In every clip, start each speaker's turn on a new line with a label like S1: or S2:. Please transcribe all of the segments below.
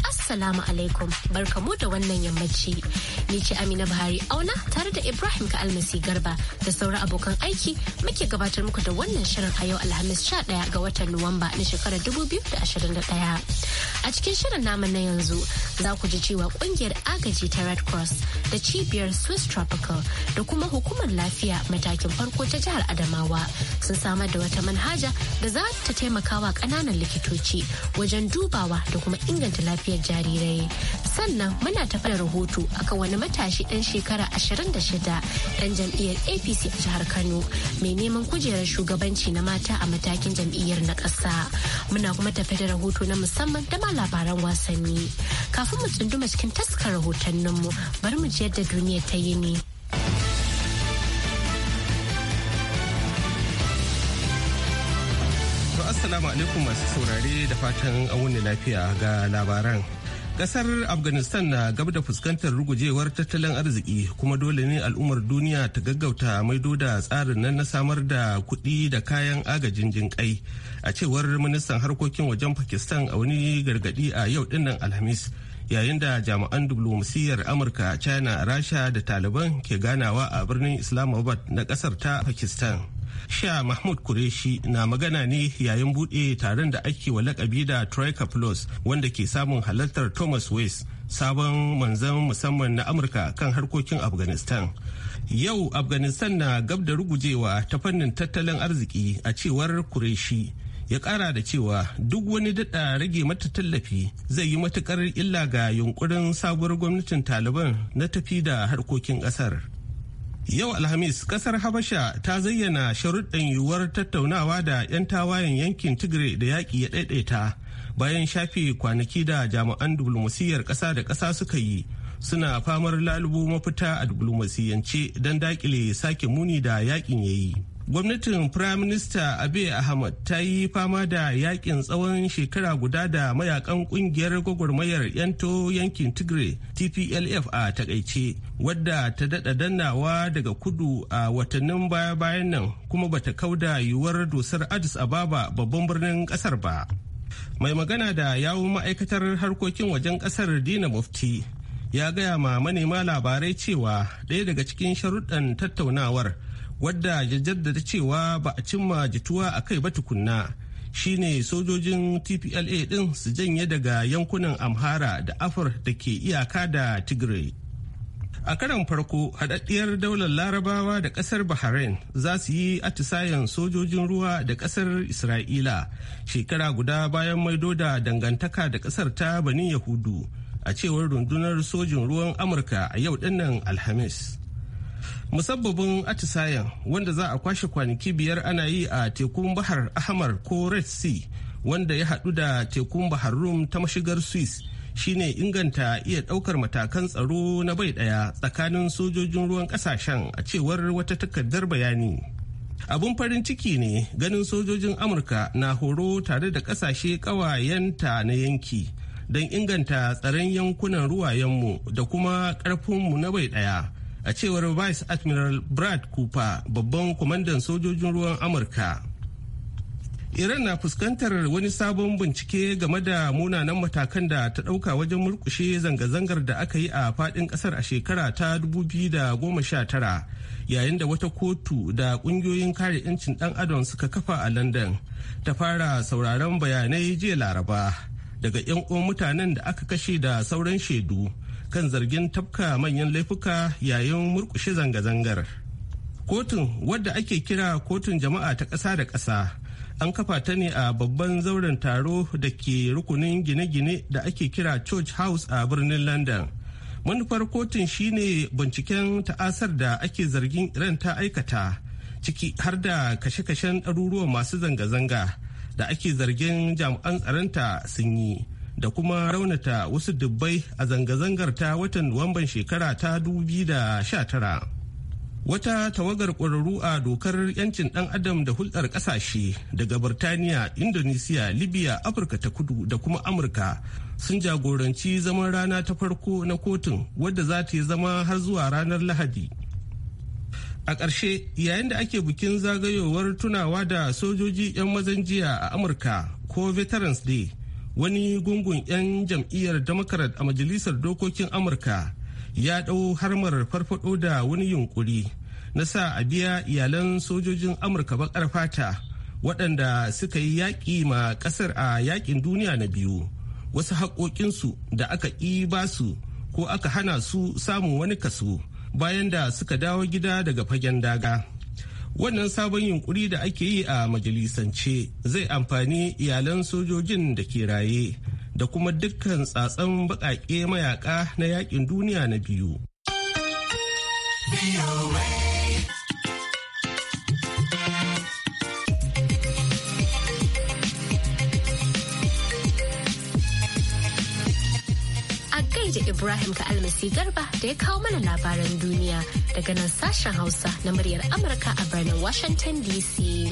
S1: Assalamu alaikum barkamu da wannan yammaci. Ni ce Amina Buhari auna tare da Ibrahim ka almasi garba da sauran abokan aiki muke gabatar muku da wannan shirin a yau Alhamis 11 ga watan Nuwamba na shekarar 2021. A cikin shirin naman na yanzu za ku ji cewa kungiyar agaji ta Red Cross da cibiyar Swiss Tropical da kuma hukumar lafiya matakin farko ta jihar Adamawa sun samar da wata manhaja da za ta taimakawa ƙananan likitoci wajen dubawa da kuma inganta lafiya lafiyar jarirai sannan muna tafa da rahoto akan wani matashi ɗan shekara 26 ɗan jam'iyyar apc a jihar kano mai neman kujerar shugabanci na mata a matakin jam'iyyar na ƙasa muna kuma tafe da rahoto na musamman da ma labaran wasanni kafin mu tsunduma cikin taskar rahotanninmu bari mu ji yadda duniya ta yi ne.
S2: Assalamu alaikum masu saurare da fatan wuni lafiya ga labaran. Kasar Afghanistan na gab da fuskantar rugujewar tattalin arziki kuma dole ne al'ummar duniya ta gaggauta maido da tsarin nan na samar da kuɗi da kayan agajin jinƙai. A cewar ministan harkokin wajen Pakistan a wani gargaɗi a yau dinnan Alhamis. yayin da jami'an diflomasiyyar amurka china rasha da taliban ke ganawa a birnin islamabad na kasar ta pakistan sha mahmud kureshi na magana ne yayin buɗe taron da ake wa lakabi da troika plus wanda ke samun halartar thomas west sabon manzan musamman na amurka kan harkokin afghanistan yau afghanistan na gab da rugujewa ta fannin tattalin arziki a cewar kureshi ya kara da cewa duk wani daɗa rage mata tallafi zai yi matukar illa ga yunkurin sabuwar gwamnatin taliban na tafi da harkokin ƙasar Yau Alhamis kasar Habasha ta zayyana sharuɗin yiwuwar tattaunawa da 'yan tawayen yankin Tigray da yaƙi ya ɗaiɗaita bayan shafe kwanaki da jami'an diflomasiyyar ƙasa da ƙasa suka yi suna famar lalubo mafita a dublomasiyyance don daƙile sake muni da yaƙin ya yi. gwamnatin firaminista abe ahmad ta yi fama da yakin tsawon shekara guda da mayakan kungiyar gwagwarmayar yanto yankin tigray tplf a takaice wadda ta dada dannawa daga kudu a watannin baya-bayan nan kuma bata kauda yiwuwar dusar addis ababa babban birnin kasar ba mai magana da yawun ma'aikatar harkokin wajen kasar dina mufti ya gaya ma manema labarai cewa ɗaya daga cikin sharuɗan tattaunawar wadda ya jaddada cewa ba a cimma jituwa a kai ba tukunna shine sojojin tpla din su janye daga yankunan amhara da afar da ke iyaka da tigray a karan farko haɗaɗɗiyar daular larabawa da ƙasar bahrain za su yi atisayen sojojin ruwa da ƙasar isra'ila shekara guda bayan maido da dangantaka da ƙasar ta banin yahudu a cewar rundunar sojin ruwan amurka a yau dinnan alhamis musabbabin atisayen wanda za a kwashe kwanaki biyar ana yi a tekun bahar ahmar ko red sea wanda ya hadu da tekun bahar rum ta mashigar swiss shine inganta iya daukar matakan tsaro na bai daya tsakanin sojojin ruwan kasashen a cewar wata takardar bayani abun farin ciki ne ganin sojojin amurka na horo tare da kasashe kawayenta na yanki don inganta tsaron yankunan ruwayenmu da kuma ƙarfinmu na bai daya. a cewar vice admiral brad cooper babban kwamandan sojojin ruwan amurka iran na fuskantar wani sabon bincike game da munanan matakan da ta dauka wajen murkushe zanga-zangar da aka yi a fadin kasar a shekara ta 2019 yayin da wata kotu da kungiyoyin kare 'yancin dan adam suka kafa a london ta fara sauraron bayanai jiya laraba daga 'yan uwan mutanen da aka kashe da sauran shaidu kan zargin tafka manyan laifuka yayin murkushe zanga-zangar kotun wadda ake kira kotun jama'a ta ƙasa da ƙasa an kafa ta ne a babban zauren taro da ke rukunin gine-gine da ake kira church house a birnin london manufar kotun shine binciken ta'asar da ake zargin iran ta aikata ciki har da kashe-kashen ɗaruruwan masu zanga-zanga da ake zargin jami'an tsaronta sun yi da kuma raunata wasu dubbai a zanga-zangar ta watan Nuwamban shekara ta 2019. Wata tawagar ƙwararru a dokar 'yancin ɗan adam da hulɗar ƙasashe daga Birtaniya, Indonesia, Libya, Afirka ta kudu da kuma Amurka sun jagoranci zaman rana ta farko na kotun wadda za ta yi zama har zuwa ranar Lahadi. a ƙarshe yayin da ake bikin zagayowar tunawa da sojoji 'yan mazan jiya a amurka ko veterans day wani gungun 'yan jam'iyyar democrat a majalisar dokokin amurka ya ɗau harmar farfado da wani yunkuri na sa a biya iyalan sojojin amurka bakar fata waɗanda suka yi yaƙi ma ƙasar a yaƙin duniya na biyu wasu haƙoƙinsu da aka ƙi ba su ko aka hana su samun wani kaso bayan da suka dawo gida daga fagen daga wannan sabon yunkuri da ake yi a majalisance zai amfani iyalan sojojin da ke raye da kuma dukkan tsatsan baƙaƙe mayaƙa na yaƙin duniya na biyu.
S1: Ibrahim ka almasi garba da ya kawo mana labaran duniya daga nan sashen Hausa na muryar Amurka a birnin Washington DC.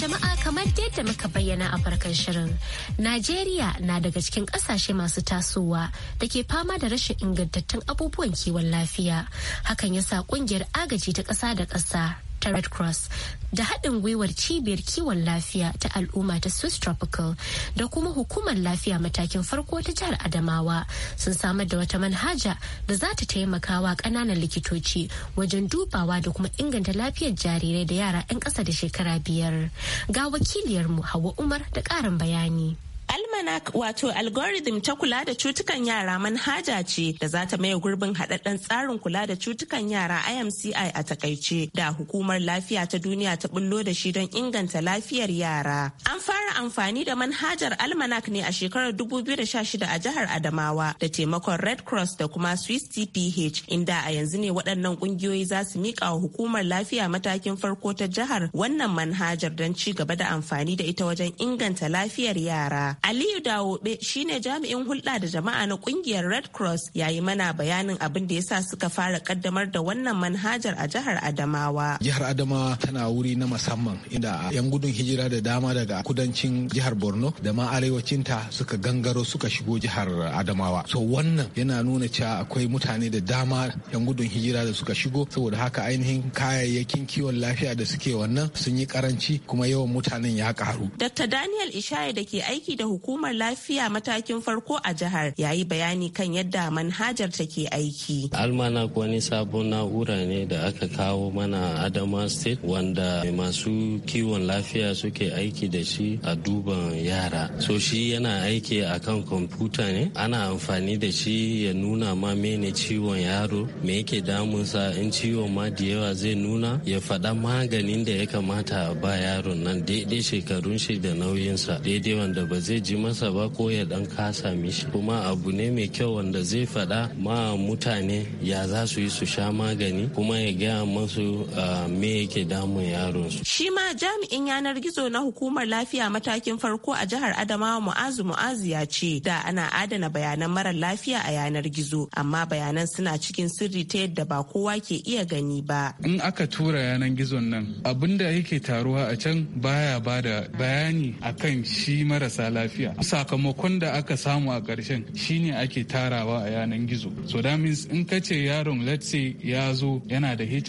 S1: jama'a kamar yadda muka bayyana a farkon shirin najeriya na daga cikin kasashe masu tasowa da ke fama da rashin ingantattun abubuwan kiwon lafiya hakan yasa kungiyar agaji ta ƙasa da ƙasa ta red cross da haɗin gwiwar cibiyar kiwon lafiya ta al'umma ta swiss tropical da kuma hukumar lafiya matakin farko ta jihar adamawa sun samar da wata manhaja da za ta taimakawa ƙananan likitoci wajen dubawa da kuma inganta lafiyar jarirai da yara 'yan ƙasa da shekara biyar ga wakiliyarmu hawa umar da ƙarin bayani
S3: Almanac wato algorithm ta kula da cutukan yara manhaja ce da za ta maye gurbin haɗaɗɗen tsarin kula da cutukan yara IMCI a takaice da hukumar lafiya ta duniya ta bullo da shi don inganta lafiyar yara. An fara amfani da manhajar Almanac ne a shekarar 2016 a jihar Adamawa da taimakon Red Cross da kuma Swiss TPH inda a yanzu ne waɗannan ƙungiyoyi za su miƙa wa hukumar lafiya matakin farko ta jihar wannan manhajar don ci gaba da amfani da ita wajen inganta lafiyar yara. Aliyu Dawobe shine jami'in hulɗa da jama'a na ƙungiyar Red Cross yayi mana bayanin abin da sa suka fara kaddamar da wannan manhajar a jihar Adamawa.
S2: Jihar Adamawa tana wuri na musamman inda 'yan gudun hijira da dama daga kudancin jihar Borno da ma arewacinta suka gangaro suka shigo jihar Adamawa. So wannan yana nuna cewa akwai mutane da dama 'yan gudun hijira da suka shigo saboda haka ainihin kayayyakin kiwon lafiya da suke wannan sun yi karanci kuma yawan mutanen ya karu.
S3: Dr. Daniel Ishaya da ke aiki da hukumar lafiya matakin farko a jihar ya yi bayani kan yadda manhajar take aiki.
S2: almana wani sabon na'ura ne da aka kawo mana Adama State wanda masu kiwon lafiya suke aiki da shi a duban yara. So shi yana aiki a kan kwamfuta ne, ana amfani da shi ya nuna ma mene ciwon yaro, me yake damunsa in ciwon ma da yawa zai nuna ya faɗa maganin da ya kamata ba yaron nan daidai shekarun shi da nauyinsa daidai wanda ba zai zai ji masa ba ko ya dan kasa mishi kuma abu ne mai kyau wanda zai fada ma mutane ya za su yi su sha magani kuma ya gaya masu me yake
S4: damun yaron su
S3: shi ma jami'in yanar gizo na hukumar lafiya matakin farko a jihar adamawa mu'azu mu'azu ya ce da ana adana bayanan marar lafiya a yanar gizo amma bayanan suna cikin sirri ta yadda ba kowa ke iya gani ba
S5: in aka tura yanar gizon nan abinda yake taruwa a can baya bada bayani akan shi marasa lafiya lafiya sakamakon da aka samu a ƙarshen shine ake tarawa a yanan gizo so that means in ka ce yaron let's say ya zo yana da hiv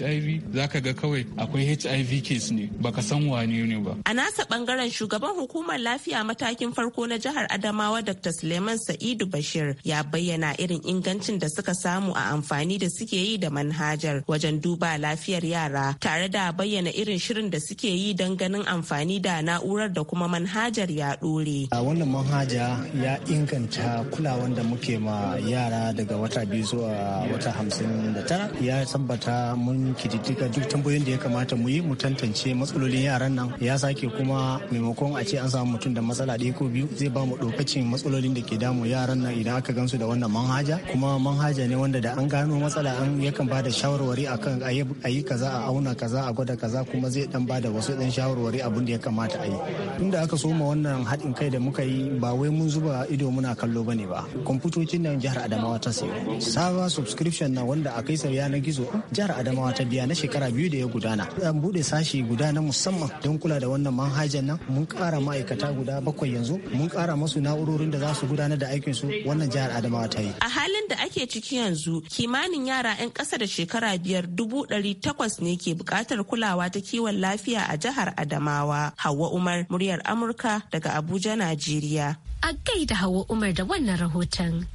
S5: zaka ga kawai akwai hiv case ne baka san wane ne ba
S3: a nasa bangaren shugaban hukumar lafiya matakin farko na jihar adamawa dr suleiman sa'idu bashir ya bayyana irin ingancin da suka samu a amfani da suke yi da manhajar wajen duba lafiyar yara tare da bayyana irin shirin da suke yi don ganin amfani da na'urar da kuma manhajar ya ɗore.
S4: wannan manhaja ya inganta kulawan da muke ma yara daga wata biyu zuwa wata hamsin da tara ya tabbata mun kididdiga duk tambayoyin da ya kamata mu yi mu tantance matsalolin yaran nan ya sake kuma maimakon a ce an samu mutum da matsala ɗaya ko biyu zai ba mu ɗaukacin matsalolin da ke damu yaran nan idan aka gansu da wannan manhaja kuma manhaja ne wanda da an gano matsala an yakan ba da shawarwari akan a yi kaza a auna kaza a gwada kaza kuma zai dan ba da wasu dan shawarwari abin da ya kamata a yi tunda aka soma wannan haɗin kai da muka muka yi ba wai mun zuba ido muna kallo ba ne ba kwamfutocin nan jihar adamawa ta sayo saba subscription na wanda a kai sau yanar gizo jihar adamawa ta biya na shekara biyu da ya gudana an bude sashi guda na musamman don kula da wannan manhajar nan mun kara ma'aikata guda bakwai yanzu mun kara masu na'urorin da za su gudanar da aikin su wannan jihar adamawa ta yi
S3: a halin da ake ciki yanzu kimanin yara 'yan kasa da shekara biyar dubu ɗari takwas ne ke buƙatar kulawa ta kiwon lafiya a jihar adamawa hawa umar muryar amurka daga abuja najeriya diria
S1: a gaida hawa umar da wannan rahoton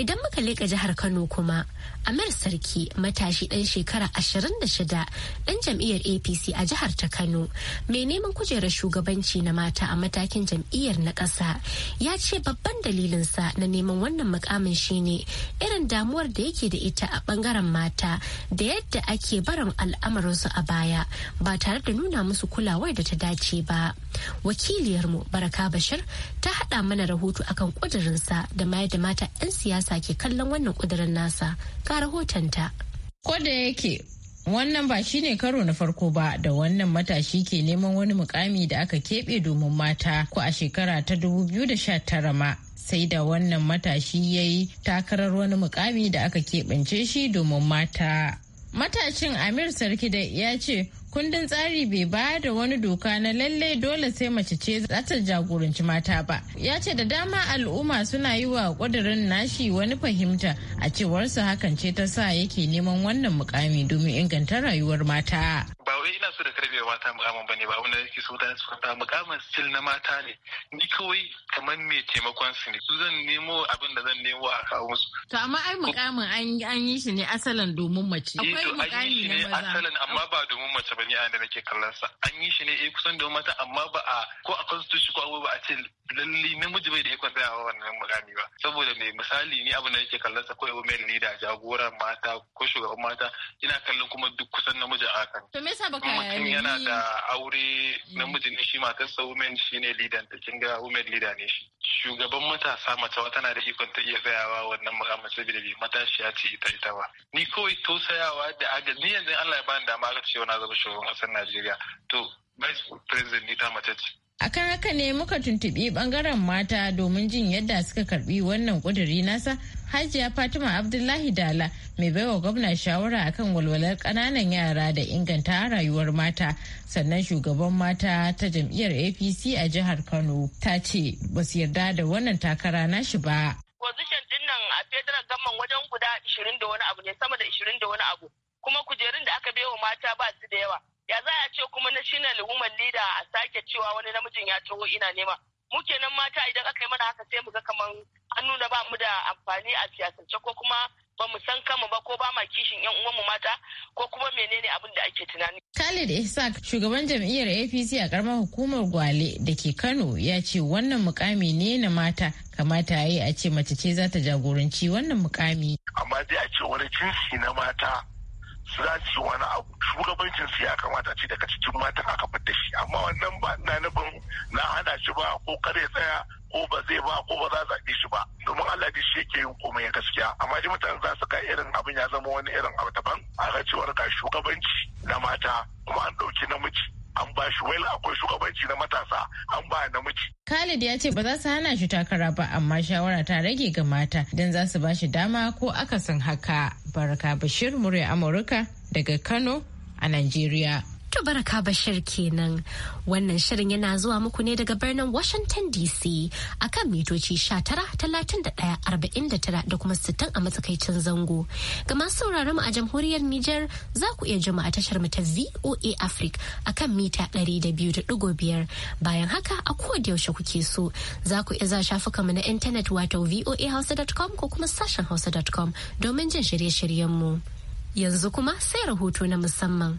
S1: idan muka leka jihar kano kuma amir sarki matashi dan shekara 26 dan jam'iyyar apc a jihar ta kano mai neman kujerar shugabanci na mata a matakin jam'iyyar na ƙasa ya ce babban dalilinsa na neman wannan mukamin shine irin damuwar da yake da ita a bangaren mata da yadda ake barin al'amarinsu a baya ba tare da nuna musu kulawar da ta dace ba wakiliyarmu baraka bashir ta haɗa mana rahoto akan kudirinsa da ma da mata 'yan siyasa ke kallon wannan kudirin nasa ga rahotonta. Ko da yake wannan ba shine karo na farko ba da
S6: wannan matashi ke neman wani mukami da aka keɓe domin mata ko a shekara ta 2019 ma sai da wannan matashi ya yi takarar wani mukami da aka keɓance shi domin mata. Matashin Amir Sarki da ya ce kundin tsari bai ba da wani doka na lallai dole sai mace ce za ta jagoranci mata ba ya ce da dama al'umma suna yi wa kudirin nashi wani fahimta a cewarsa hakan ce ta sa yake neman wannan mukami domin inganta rayuwar mata ba wai
S2: ina so da karbe mata mukamin bane ba wanda yake so da su ta mukamin sil na mata ne ni kawai kamar me taimakon su ne su zan nemo abin da zan nemo a kawo musu
S6: to amma ai mukamin an an yi shi ne asalan domin mace eh akwai mukami ne asalan
S2: amma ba domin mace bane a da nake kallon sa an yi shi ne eh kusan domin mata amma ba a ko a constitution ko ba a ce lalle namiji bai da ikon tsayawa wannan mukami ba saboda me misali ni abin da nake kallon sa kawai women leader jagoran mata ko shugaban mata ina kallon kuma duk kusan namiji a hakan
S6: to me yasa mutum yana
S2: da aure namiji ne shi matarsa women shi ne leader ta kin ga women leader ne shi shugaban matasa mace tana da ikon ta iya tsayawa wannan mukamman saboda matashi ya ce ita ita ba ni kawai tausayawa da aga ni yanzu Allah ya bani dama aka ce na zama shugaban ƙasar Najeriya
S7: to vice president ni ta mace ce
S6: akan haka ne muka tuntuɓi bangaren mata domin jin yadda suka karɓi wannan ƙuduri nasa Hajiya Fatima Abdullahi Dala mai baiwa gwamna shawara akan walwalar kananan yara da inganta rayuwar mata sannan shugaban mata ta jam'iyyar APC a jihar Kano ta ce ba su yarda da wannan takara shi ba. Position din nan a federal gamman
S3: wajen guda 20 da wani abu ne sama da 20 da wani abu kuma kujerun da aka baiwa mata ba su da yawa. Ya za a ce kuma na shine woman leader a sake cewa wani namijin ya taho ina nema. mu kenan mata idan aka yi mana haka sai mu ga kamar an nuna ba mu da amfani a siyasance ko kuma ba mu san
S6: kama ba ko ba
S3: ma kishin yan uwan mu mata ko kuma menene abin da ake tunani.
S6: Khalid Ishaq shugaban jam'iyyar APC a karamar hukumar Gwale da ke Kano ya ce wannan mukami ne na mata kamata yi a ce mace ce za ta jagoranci wannan mukami. Amma
S2: dai a ce wani cinsi na mata su za su wani abu shugabancin su ya kamata ce daga cikin matan aka fita shi amma wannan ba na nufin na hana shi ba ko kare tsaya ko ba zai ba ko ba za zaɓe shi ba domin Allah da shi yake yin komai ya gaskiya amma ji mutane za su ga irin abin ya zama wani irin abu daban a ga cewar ga shugabanci na mata kuma an ɗauki namiji an ba shi wai akwai shugabanci
S6: na matasa an ba namiji. Khalid ya ce ba za su hana shi takara ba amma shawara ta rage ga mata don za su ba shi dama ko akasin haka.
S1: Baraka Bashir murya Amurka daga Kano a Najeriya. To baraka bashir kenan wannan shirin yana zuwa muku ne daga birnin Washington DC akan mitoci 19,31,49 da kuma 60 a matsakaicin zango. Ga masu mu a jamhuriyar Nijar za ku iya jima a tashar mu ta VOA Africa akan mita 200.5 bayan haka a yaushe kuke so za ku iya za shafuka mu na intanet wato voahouse.com ko kuma sashen hausa.com domin jin shirye shiryenmu Yanzu kuma sai rahoto na musamman.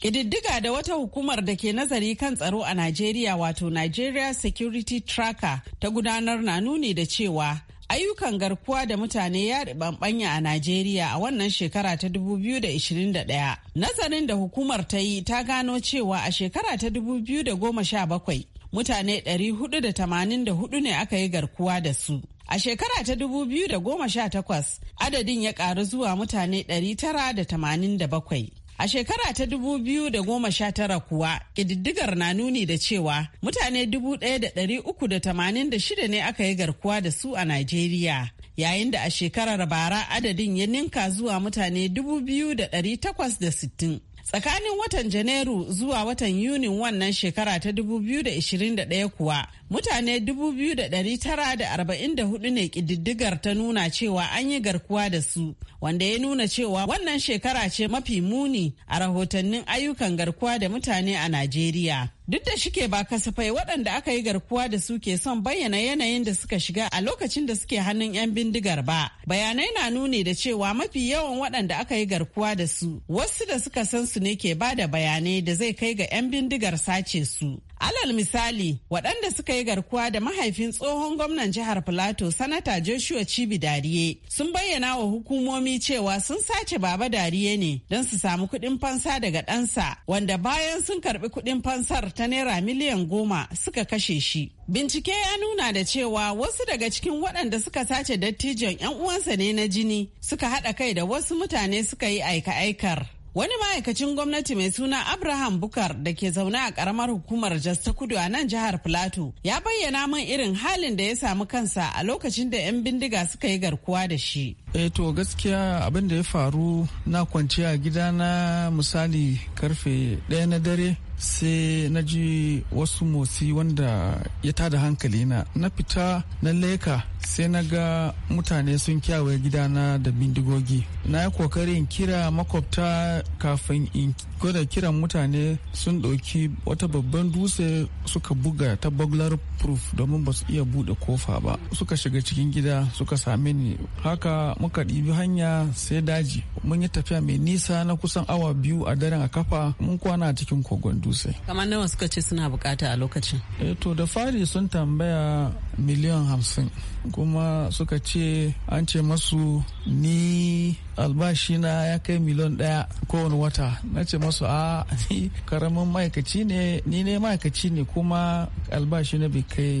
S1: Ƙididdiga da wata
S8: hukumar da ke nazari kan tsaro a Najeriya wato Nigeria Security Tracker ta gudanar na nuni da cewa ayyukan garkuwa da mutane ya ribanbanya a Najeriya a wannan shekara ta 2021. Nazarin da hukumar ta yi ta gano cewa a shekara ta 2017 mutane 484 ne aka yi garkuwa da su. A shekara ta 2018 adadin ya ƙaru zuwa mutane 987. A shekara ta 2019 kuwa, ƙididdigar na nuni da cewa mutane 1,386 ne aka yi garkuwa da su a Najeriya. Yayin da a shekarar bara adadin ya ninka zuwa mutane 2,860. Tsakanin watan Janairu zuwa watan Yuni wannan shekara ta 2021 kuwa mutane 2,944 ne kididdigar ta nuna cewa an yi garkuwa da su, wanda ya nuna cewa wannan shekara ce mafi muni a rahotannin ayyukan garkuwa da mutane a Najeriya. Duk da shike ba kasafai waɗanda aka yi garkuwa da su ke son bayyana yanayin da suka shiga a lokacin da suke hannun 'yan bindigar ba. Bayanai na nuni da cewa mafi yawan waɗanda aka yi garkuwa da su wasu da suka san su ne ke ba da bayanai da zai kai ga 'yan bindigar sace su. Alal misali, waɗanda suka yi garkuwa da mahaifin tsohon gwamnan jihar Filato, Sanata Joshua Cibi Dariye, sun bayyana wa hukumomi cewa sun sace Baba Dariye ne don su samu kuɗin fansa daga ɗansa, wanda bayan sun karɓi kuɗin fansar ta naira miliyan goma suka kashe shi. Bincike ya nuna da cewa wasu daga cikin waɗanda suka sace dattijon 'yan uwansa ne na jini suka haɗa kai da wasu mutane suka yi aika-aikar. Wani ma'aikacin gwamnati mai suna Abraham Bukar da ke zaune a karamar hukumar Jos ta Kudu a nan jihar Filato ya bayyana min irin halin da ya samu kansa a lokacin da 'yan bindiga suka yi garkuwa da shi.
S5: Eh to gaskiya abin da ya faru na kwanciya na misali karfe ɗaya na dare sai na ji wasu motsi wanda ya tada hankali na na fita na leka sai na ga mutane sun kyawaye gidana da bindigogi na yi kokarin kira makwabta kafin in gwada kiran mutane sun ɗauki wata babban dutse suka buga ta burglar proof domin ba su iya buɗe kofa ba suka shiga cikin gida suka same ni haka muka ɗibi hanya sai daji mun yi tafiya mai nisa na kusan awa biyu a daren a kafa mun kwana a cikin kogon
S8: dutse kamar nawa suka ce suna bukata a lokacin eh to da fari sun tambaya
S5: miliyan hamsin kuma suka ce an ce masu ni albashina ya kai miliyan ɗaya kowane wata na ce masu a ni karamin ma'aikaci ne ni ne ma'aikaci ne kuma albashina bai kai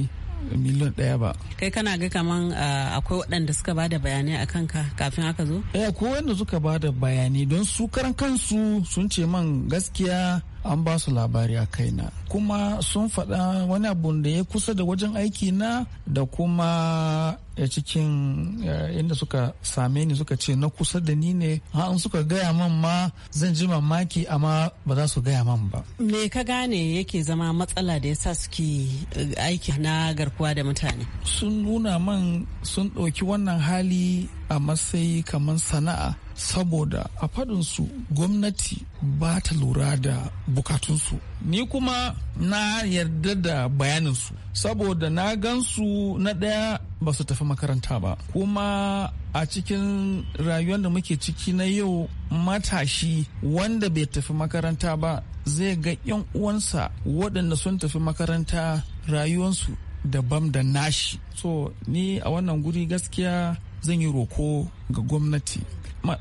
S5: miliyan ɗaya
S8: ba. Kai kana ga kaman akwai waɗanda suka ba da bayanai a kanka kafin aka zo? Eh, ko
S5: wanda suka ba da bayanai don su karan kansu sun ce man gaskiya an ba su labari a kaina kuma sun faɗa wani abun da ya kusa da wajen aiki na da kuma ya eh, cikin eh, inda suka same ni suka ce na kusa da ni ne an suka gaya man ma zan ji mamaki amma ba za su gaya man ba
S8: me ka gane yake zama matsala da ya sa suke eh, aiki na garkuwa da mutane
S5: sun nuna man sun ɗauki wannan hali a matsayi kamar sana'a saboda a faɗinsu gwamnati ba ta lura da bukatunsu ni kuma na yarda da bayaninsu saboda na gansu na ɗaya ba su tafi makaranta ba kuma a cikin rayuwar da muke ciki na yau matashi wanda bai tafi makaranta ba zai ga 'yan uwansa waɗanda sun tafi makaranta rayuwarsu daban da nashi so ni a wannan guri gaskiya zan yi roko ga gwamnati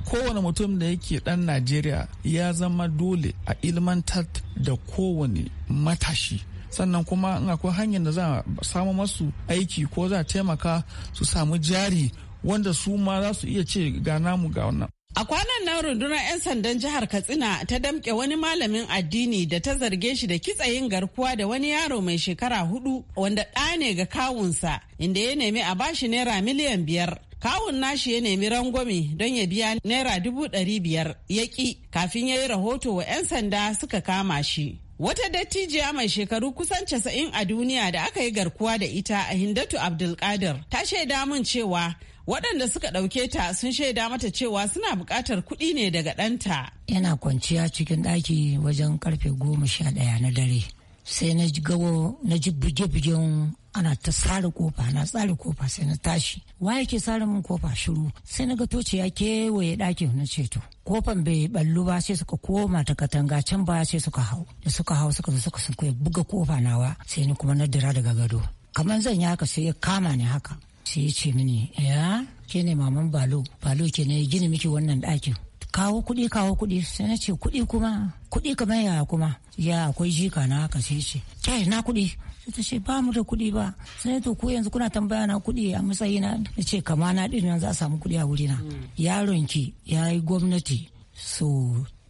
S5: kowane mutum da yake dan najeriya ya zama dole a ilmantar da kowane matashi sannan kuma in akwai hanyar da za a samu masu aiki ko za a taimaka su samu jari wanda su ma za su iya ce ga namu ga wannan
S8: A kwanan nan rundunar 'yan sandan jihar Katsina ta damke wani malamin addini da ta zarge shi da kitsayin garkuwa da wani yaro mai shekara hudu wanda ɗane ga kawunsa inda ya nemi a bashi naira miliyan biyar. kawun nashi ya nemi rangwame don ya biya naira dubu ɗari biyar ya ƙi kafin ya yi rahoto wa 'yan sanda suka kama shi Wata dattijiya mai shekaru kusan casa'in a duniya da aka yi garkuwa da ita a Hindatu Abdulkadir ta shaida min cewa waɗanda suka ɗauke ta sun shaida mata cewa suna buƙatar kuɗi ne daga ɗanta.
S9: Yana kwanciya cikin ɗaki wajen karfe goma sha ɗaya na dare. Sai na gawo na ji buge-bugen ana ta tsara kofa na tsara kofa sai na tashi wa yake tsara min kofa shiru sai na ga toci ya kewaye ɗakin na ceto kofan bai ballu ba sai suka koma ta katanga can baya sai suka hau da suka hau suka zo suka sun buga kofa nawa sai ni kuma na dira daga gado kamar zan yi haka sai ya kama ni haka sai ya ce mini ya ke ne maman balo balo ke ne gini miki wannan ɗakin kawo kuɗi kawo kuɗi sai na ce kuɗi kuma kuɗi kamar ya kuma ya akwai jika na haka sai ce kai na kuɗi sai ta ce ba mu da kuɗi ba sai to ko yanzu kuna tambaya na kuɗi a matsayina na ce kama na ɗin nan za a samu kuɗi a wurina yaron ki ya yi gwamnati so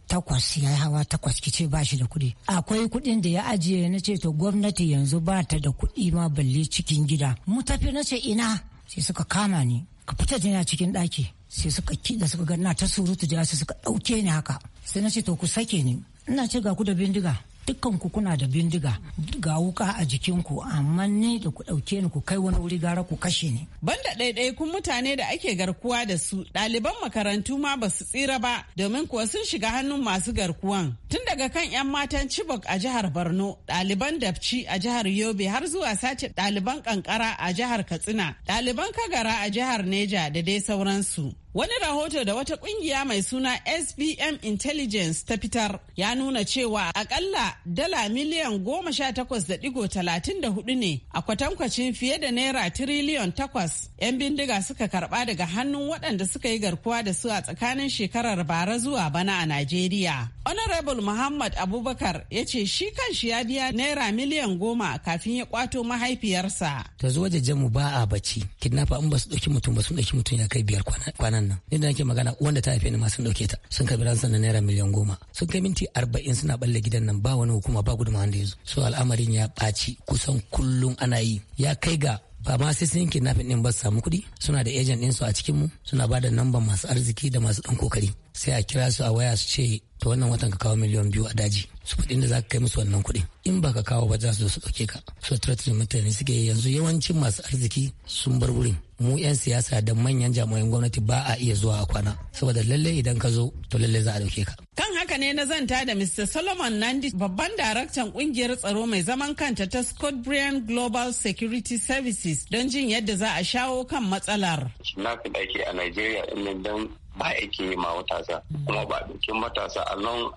S9: takwas ya yi hawa takwas ki ce ba shi da kuɗi akwai kuɗin da ya ajiye na ce to gwamnati yanzu ba ta da kuɗi ma balle cikin gida mu tafi na ce ina sai suka kama ni ka fita jina cikin ɗaki sai suka kiɗa suka ga na ta surutu da sai suka ɗauke ni haka sai na ce to ku sake ni ina ce ga ku da bindiga dukkan kuna da bindiga ga wuka a jikinku amma ni da ku ɗauke ni ku kai wani wuri gara ku kashe ni.
S8: Banda ɗaiɗaikun mutane da ake garkuwa da su ɗaliban makarantu ma ba su tsira ba domin kuwa sun shiga hannun masu garkuwan. Tun daga kan 'yan matan Chibok a jihar Borno, ɗaliban Dabci a jihar Yobe har zuwa sace ɗaliban Kankara a jihar Katsina, ɗaliban Kagara a jihar Neja da dai sauransu. Wani rahoto da wata kungiya mai suna SBM Intelligence ta fitar ya nuna cewa akalla dala miliyan goma sha takwas da digo talatin da hudu ne a kwatankwacin fiye da naira tiriliyon takwas 'yan bindiga suka karba daga hannun waɗanda suka yi garkuwa da su a tsakanin shekarar bara zuwa bana a Najeriya. Honorable Muhammad Abubakar ya ce shi kanshi ya biya naira miliyan goma kafin ya kwato mahaifiyarsa.
S9: Ta zuwa jajjamu ba a bacci. Kidnapper in ba su ɗauki mutum ba su ɗauki mutum ya kai biyar kwana yaran nan inda nake magana wanda ta haife ni ma sun dauke ta sun kai ransa na naira miliyan goma sun kai minti arba'in suna balle gidan nan ba wani hukuma ba gudunmawa wanda ya zo so al'amarin ya ɓaci kusan kullum ana yi ya kai ga ba ma sai sun kidnapping din ba su samu kuɗi suna da agent ɗinsu a cikin mu suna ba da namban masu arziki da masu ɗan kokari sai a kira su a waya su ce ta wannan watan ka kawo miliyan biyu a daji su kuɗin da za ka kai musu wannan kuɗin in ba ka kawo ba za su su ɗauke ka so da mutane suke yanzu yawancin masu arziki sun bar wurin mu 'yan siyasa da manyan jami'an gwamnati ba a iya zuwa a kwana saboda lalle idan ka zo to lalle za a ɗauke ka.
S8: kan haka ne na zanta da mr solomon nandi babban daraktan kungiyar tsaro mai zaman kanta ta scott brian global security services don jin yadda za a shawo kan matsalar.
S7: na fi ɗaki a nigeria ɗin don ba ake ma matasa kuma ba dukkan matasa a long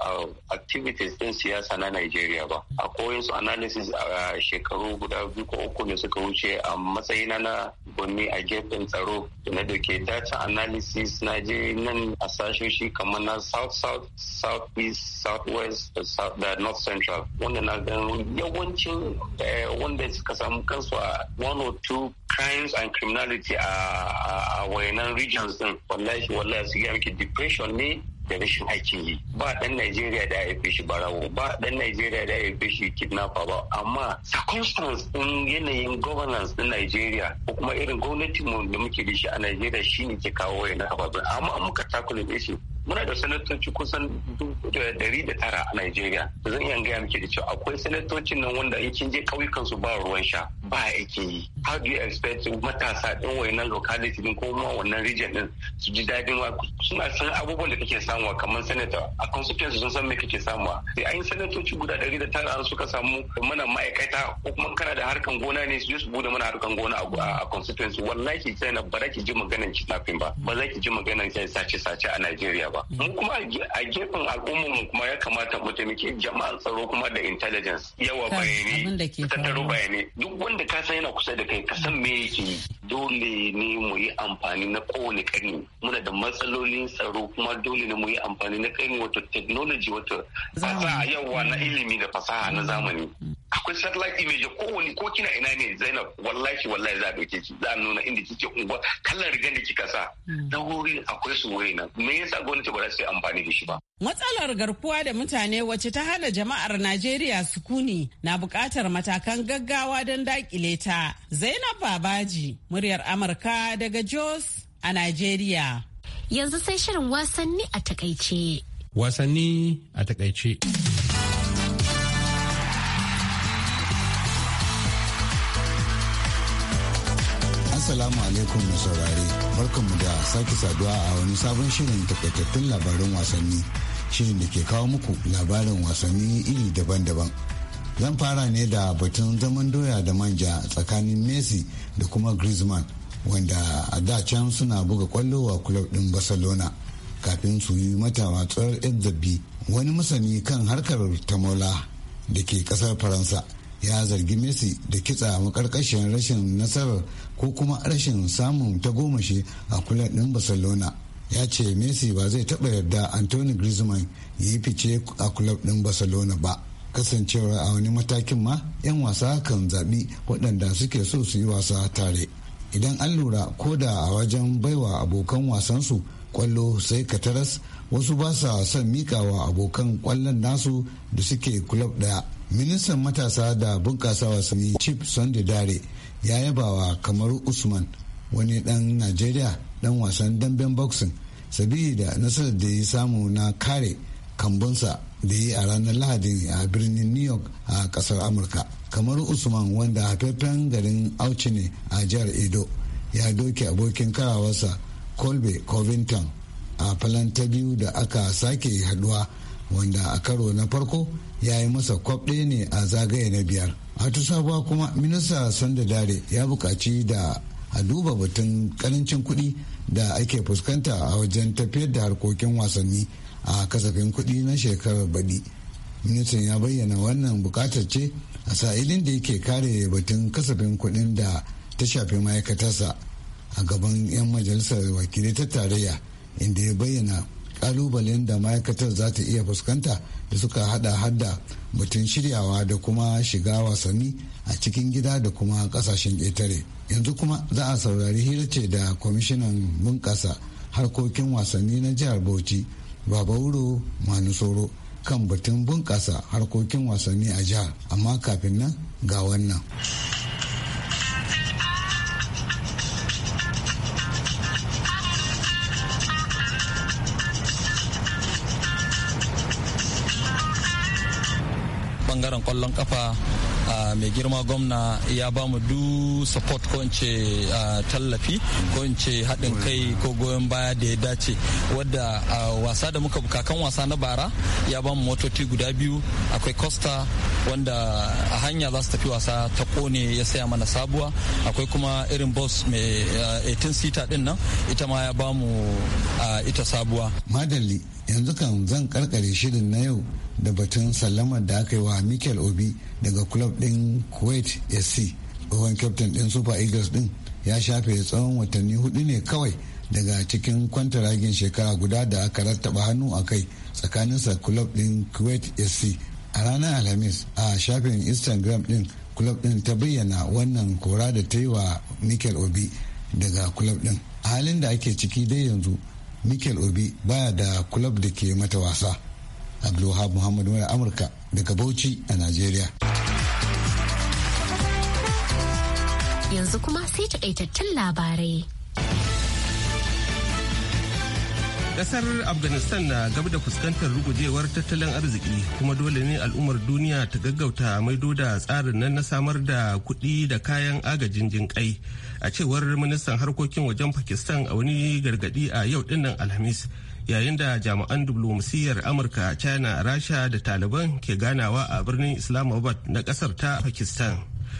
S7: activities din siyasa na Najeriya ba a koyin su analysis a shekaru guda biyu ko uku ne suka wuce a matsayina na gwanni a gefen tsaro na da ke data analysis na je nan a sashoshi kamar na south south south east south west da north central wanda na ganin yawancin eh, wanda suka samu kansu a one or two crimes and criminality a wayanan regions din wallahi wallahi su gaya psychiatric depression ne da rashin aikin yi ba dan Najeriya da ya shi barawo ba dan Najeriya da ya shi kidnapper ba amma circumstance din yanayin governance din Najeriya ko kuma irin gwamnati mu da muke da shi a Najeriya shine ke kawo yana ababen amma muka takula da muna da sanatoci kusan dari da tara a Najeriya zan iya gaya muke da cewa akwai sanatocin nan wanda in kin je ƙauyukan su ba ruwan sha ba yake yi how do you expect matasa din wayannan locality din ko ma wannan region din su ji dadin wa suna san abubuwan da kake samuwa kamar senator a constituency sun san me kake samuwa sai an yi sanatoci guda ɗari da tara suka samu mana ma'aikata ko kuma kana da harkan gona ne su su bude mana harkan gona a constituency wallahi sai na ba za ki ji maganan tafin ba ba za ki ji maganan ki sace sace a Najeriya ba mu kuma a gefen al'ummar mu kuma ya kamata mu taimaki jama'an tsaro kuma da intelligence yawa
S8: bayani tattaro bayani
S7: duk wanda da ka san yana kusa da kai ka san me yake dole ne mu yi amfani na kowane ƙarni muna da matsalolin tsaro kuma dole ne mu yi amfani na ƙarni wato technology wato fasaha yawa na ilimi da fasaha na zamani mm. akwai satellite image kowane ko kina ina ne zainab wallahi wallahi za a dauke ki za a nuna inda kike unguwa kallon rigan da kika sa mm. na wuri akwai su wuri nan me yasa gwamnati ba za su yi amfani da shi ba
S8: Matsalar garkuwa da mutane wacce ta hana jama'ar Najeriya sukuni na buƙatar matakan gaggawa don daƙile ta. Zainab Babaji, muryar Amurka daga Jos a Najeriya. Yanzu sai shirin wasanni
S1: a takaice.
S2: Wasanni a takaice.
S10: Assalamu alaikum mu saurare. Barkanmu da sake saduwa a wani sabon shirin takaitattun labarin wasanni. Shirin da ke kawo muku labarin wasanni iri daban-daban. Zan fara ne da batun zaman doya da manja tsakanin Messi da kuma Griezmann wanda a da can suna buga kwallo wa kulob ɗin Barcelona kafin su yi mata matsalar wani masani kan harkar tamola da ke ƙasar Faransa. ya zargi messi da kitsa makarkashin rashin nasarar ko kuma rashin samun ta tagomashi a kulan din barcelona ya ce messi ba zai taɓa yarda anthony griezmann ya yi fice a kulob din barcelona ba kasancewa a wani matakin ma 'yan wasa kan zaɓi waɗanda suke so su yi wasa tare idan an lura ko da a wajen baiwa abokan wasansu kwallo sai ka taras wasu ba sa son mikawa abokan kwallon nasu da suke kulob ɗaya ministan matasa da bunƙasa wasanni chief sunday dare ya yabawa kamar usman wani dan najeriya dan wasan damben boxing da nasarar da ya samu na kare kambunsa da yi a ranar lahadi a birnin new york a kasar amurka kamar usman wanda haifafen garin auci ne a jihar edo ya doke abokin karawarsa colby covington a falon ta biyu da aka sake haduwa wanda a karo na farko ya yi masa kwabɗe ne a zagaye na biyar a tusawa kuma minista sanda dare ya buƙaci da a duba batun ƙarancin kuɗi da ake fuskanta a wajen tafiyar da harkokin wasanni a kasafin kuɗi na shekarar baɗi ministan ya bayyana wannan buƙatar ce a sa'ilin da yake kare batun kasafin kuɗin da ta shafi ma'aikatarsa a gaban 'yan majalisar wakilai ta tarayya inda ya bayyana kalubalen da ma'aikatar za ta iya fuskanta da suka hada hadda mutum shiryawa da kuma shiga wasanni a cikin gida da kuma kasashen ƙetare yanzu kuma za a saurari hira ce da kwamishinan bunƙasa harkokin wasanni na jihar bauchi babauro manusoro kan batun bunƙasa harkokin wasanni a jihar amma kafin nan ga wannan
S5: bangaren kwallon kafa mai girma gwamna ya ba mu du support ko in ce tallafi ko in ce haɗin kai ko goyon baya da ya dace wadda wasa da muka kakan wasa na bara ya ba mu motoci guda biyu akwai costa wanda a hanya za su tafi wasa ta kone ya saya mana sabuwa akwai kuma irin bus mai 18 seater din nan ita ma ya ba mu ita sabuwa
S10: madalli yanzu kan zan karkare shirin na yau da batun sallamar da aka yi wa michael obi daga club din kuwait sc tsohon captain din super eagles din ya shafe tsawon watanni hudu ne kawai daga cikin kwantaragin shekara guda da aka rattaba hannu a kai tsakaninsa club din kuwait sc a ranar alhamis a shafin instagram din club din ta bayyana wannan kora da ta yi wa michael obi daga club din halin da ake ciki dai yanzu mikel obi baya da kulab da ke mata wasa abdulwahab muhammadu wani amurka daga bauchi a najeriya
S1: yanzu kuma sai takaitattun labarai
S2: kasar afghanistan na gaba da fuskantar rugujewar tattalin arziki kuma dole ne al'ummar duniya ta gaggauta maido da tsarin nan na samar da kuɗi da kayan agajin jinƙai a cewar ministan harkokin wajen pakistan a wani gargaɗi a yau dinnan alhamis yayin da jami'an diflomasiyyar amurka china rasha da taliban ke ganawa a birnin islamabad na kasar ta pakistan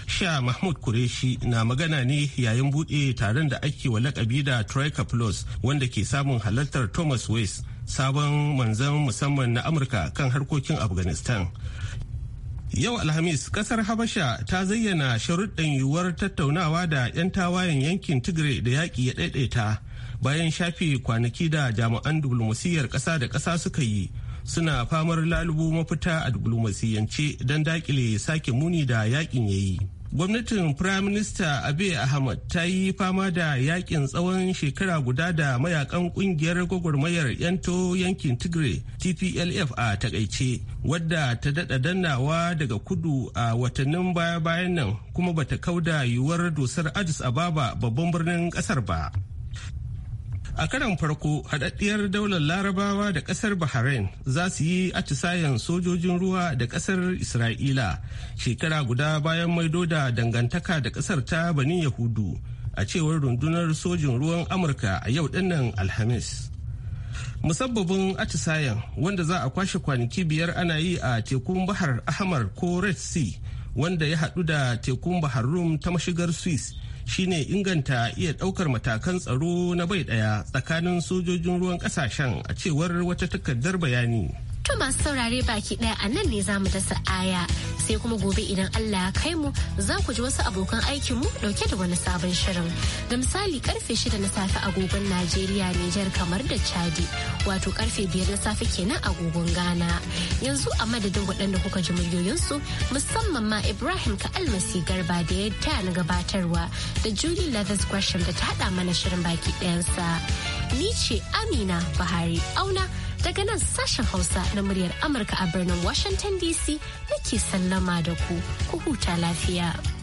S2: sha mahmud kureshi na magana ne yayin buɗe taron da ake wa lakabi da troika plus wanda ke samun halartar thomas west sabon manzan musamman na amurka kan harkokin afghanistan Yau Alhamis kasar Habasha ta zayyana sharuɗin yiwuwar tattaunawa da 'yan tawayen yankin Tigray da yaƙi ya ɗaiɗaita bayan shafe kwanaki da jami'an diflomasiyyar ƙasa da ƙasa suka yi suna famar lalubo mafita a diflomasiyyance don daƙile sake muni da yaƙin ya yi. gwamnatin firaminista abe ahmad ta yi fama da yakin tsawon shekara guda da mayakan kungiyar gwagwarmayar yanto yankin tigray tplf a takaice wadda ta dada dannawa daga kudu a watannin baya-bayan nan kuma bata kauda yiwuwar dusar addis ababa babban birnin kasar ba A karan farko, haɗaɗɗiyar daular larabawa da ƙasar Bahrain za su yi atisayen sojojin ruwa da ƙasar Isra'ila shekara guda bayan maido da dangantaka da ƙasar ta Bani Yahudu a cewar rundunar sojin ruwan Amurka a yau dinnan Alhamis. Musabbabin atisayen wanda za a kwashe kwanaki biyar ana yi a tekun Bahar Ahmar ko Red Sea wanda ya haɗu da tekun Bahar Rum ta mashigar Swiss shine inganta iya ɗaukar matakan tsaro na bai ɗaya tsakanin sojojin ruwan ƙasashen a cewar wata takardar bayani.
S1: To masu saurare baki ɗaya a nan ne za mu dasa aya sai kuma gobe idan Allah ya kai mu za ku ji wasu abokan aikinmu dauke da wani sabon shirin. Da misali karfe shida na safe agogon Najeriya Nijar kamar da Chadi wato karfe biyar na safe kenan agogon Ghana. Yanzu a madadin waɗanda kuka ji muryoyinsu musamman ma Ibrahim ka almasi garba da ya taya na gabatarwa da Julie Leathers Gresham da ta haɗa mana shirin baki ɗayansa. Ni ce Amina Buhari auna daga nan sashen Hausa na muryar Amurka a birnin Washington DC nake sallama da ku, ku huta lafiya.